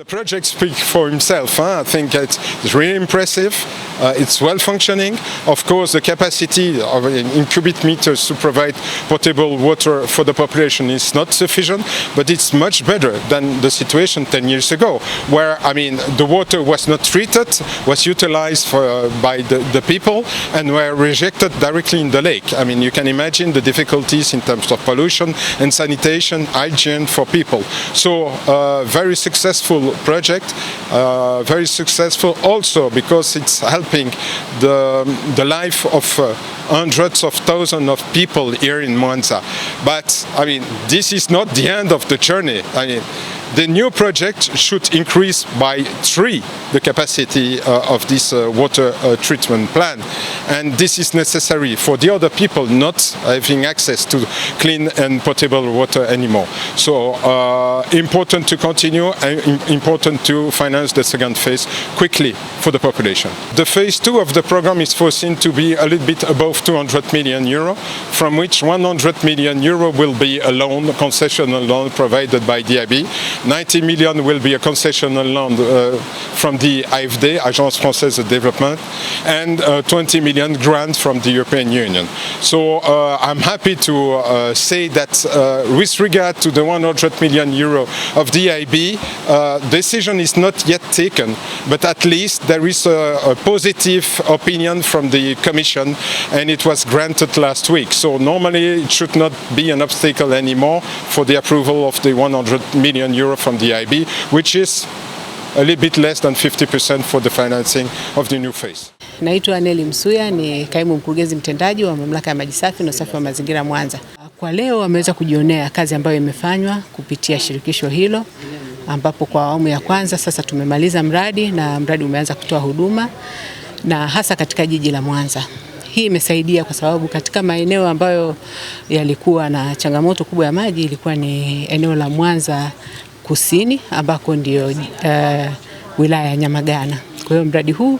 The project speaks for himself. Huh? I think it's, it's really impressive. Uh, it's well functioning. Of course, the capacity of, in, in, cubic meters to provide potable water for the population is not sufficient, but it's much better than the situation 10 years ago, where, I mean, the water was not treated, was utilized for, uh, by the, the, people, and were rejected directly in the lake. I mean, you can imagine the difficulties in terms of pollution and sanitation, hygiene for people. So, uh, very successful project, uh, very successful also because it's helping the, the life of uh, hundreds of thousands of people here in Monza. But I mean, this is not the end of the journey. I mean, the new project should increase by three the capacity uh, of this uh, water uh, treatment plant. And this is necessary for the other people not having access to clean and potable water anymore. So uh, important to continue and important to finance the second phase quickly for the population. The phase two of the program is foreseen to be a little bit above 200 million euro, from which 100 million euro will be a loan, concessional loan provided by DIB 90 million will be a concessional land uh, from the AFD, Agence Française de Développement, and uh, 20 million grant from the European Union. So uh, I'm happy to uh, say that uh, with regard to the 100 million euro of the IB, the uh, decision is not yet taken, but at least there is a, a, positive opinion from the Commission and it was granted last week. So normally it should not be an obstacle anymore for the approval of the 100 million euro from the IB, which is a little bit less than 50% for the financing of the new phase. Naitwa Neli Msuya, ni kaimu mkurugenzi mtendaji wa Mamlaka ya Maji Safi na Usafi wa Mazingira Mwanza. Kwa leo wameweza kujionea kazi ambayo imefanywa kupitia shirikisho hilo ambapo kwa awamu ya kwanza sasa tumemaliza mradi na mradi umeanza kutoa huduma na hasa katika jiji la Mwanza. Hii imesaidia kwa sababu katika maeneo ambayo yalikuwa na changamoto kubwa ya maji ilikuwa ni eneo la Mwanza Kusini ambako ndio uh, wilaya ya Nyamagana. Kwa hiyo mradi huu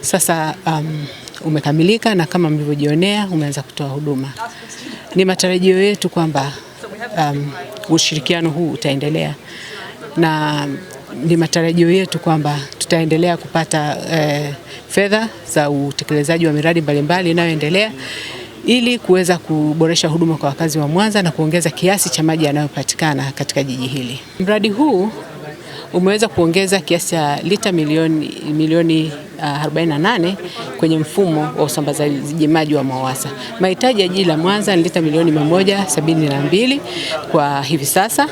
sasa um, umekamilika na kama mlivyojionea umeanza kutoa huduma. Ni matarajio yetu kwamba um, ushirikiano huu utaendelea na ni matarajio yetu kwamba tutaendelea kupata uh, fedha za utekelezaji wa miradi mbalimbali inayoendelea mbali ili kuweza kuboresha huduma kwa wakazi wa Mwanza na kuongeza kiasi cha maji yanayopatikana katika jiji hili. Mradi huu umeweza kuongeza kiasi cha lita milioni milioni 48 kwenye mfumo wa usambazaji maji wa MWAUWASA. Mahitaji ya jiji la Mwanza ni lita milioni 172 kwa hivi sasa,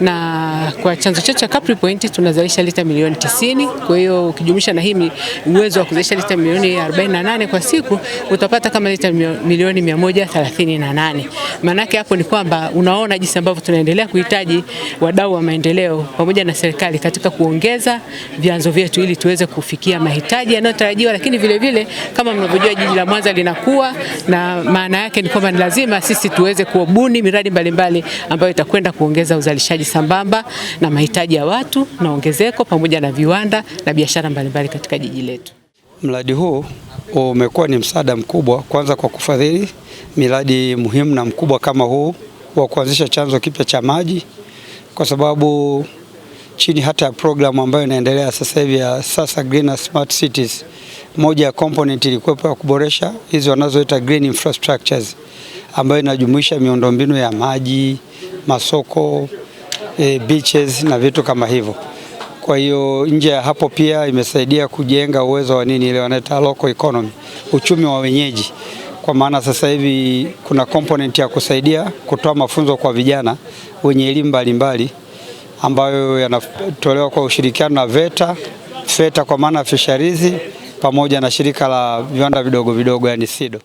na kwa chanzo chetu cha Capri Point tunazalisha lita milioni 90. Kwa hiyo ukijumlisha na hii uwezo wa kuzalisha lita milioni 48 kwa siku utapata kama lita milioni 138. Maana yake hapo ni kwamba unaona jinsi ambavyo tunaendelea kuhitaji wadau wa maendeleo pamoja na serikali katika kuongeza vyanzo vyetu ili tuweze kufikia mahitaji maji yanayotarajiwa, lakini vilevile vile, kama mnavyojua jiji la Mwanza linakuwa na maana yake ni kwamba ni lazima sisi tuweze kuobuni miradi mbalimbali ambayo itakwenda kuongeza uzalishaji sambamba na mahitaji ya watu na ongezeko pamoja na viwanda na biashara mbalimbali katika jiji letu. Mradi huu umekuwa ni msaada mkubwa kwanza kwa kufadhili miradi muhimu na mkubwa kama huu wa kuanzisha chanzo kipya cha maji kwa sababu chini hata ya programu ambayo inaendelea sasa hivi ya sasa Green Smart Cities, moja ya component ilikuwepo ya kuboresha hizo wanazoita green infrastructures ambayo inajumuisha miundombinu ya maji, masoko, e, beaches na vitu kama hivyo. Kwa hiyo nje ya hapo pia imesaidia kujenga uwezo wa nini ile wanaita local economy, uchumi wa wenyeji, kwa maana sasa hivi kuna component ya kusaidia kutoa mafunzo kwa vijana wenye elimu mbalimbali ambayo yanatolewa kwa ushirikiano na VETA, feta kwa maana ya fisharizi pamoja na shirika la viwanda vidogo vidogo yani SIDO.